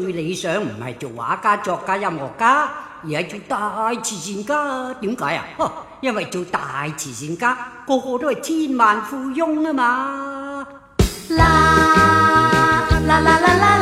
最理想唔係做畫家、作家、音樂家，而係做大慈善家。點解啊？呵，因為做大慈善家，個個都係千萬富翁啊嘛。啦啦啦啦啦。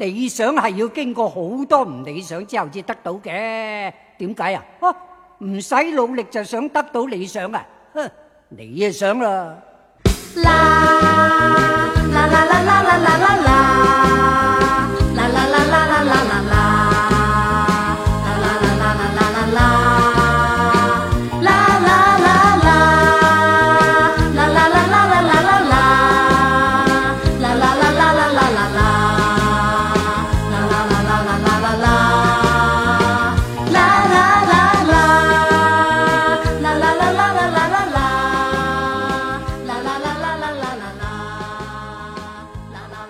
理想係要經過好多唔理想之後至得到嘅，點解啊？唔使努力就想得到理想啊？哼，你啊想啦！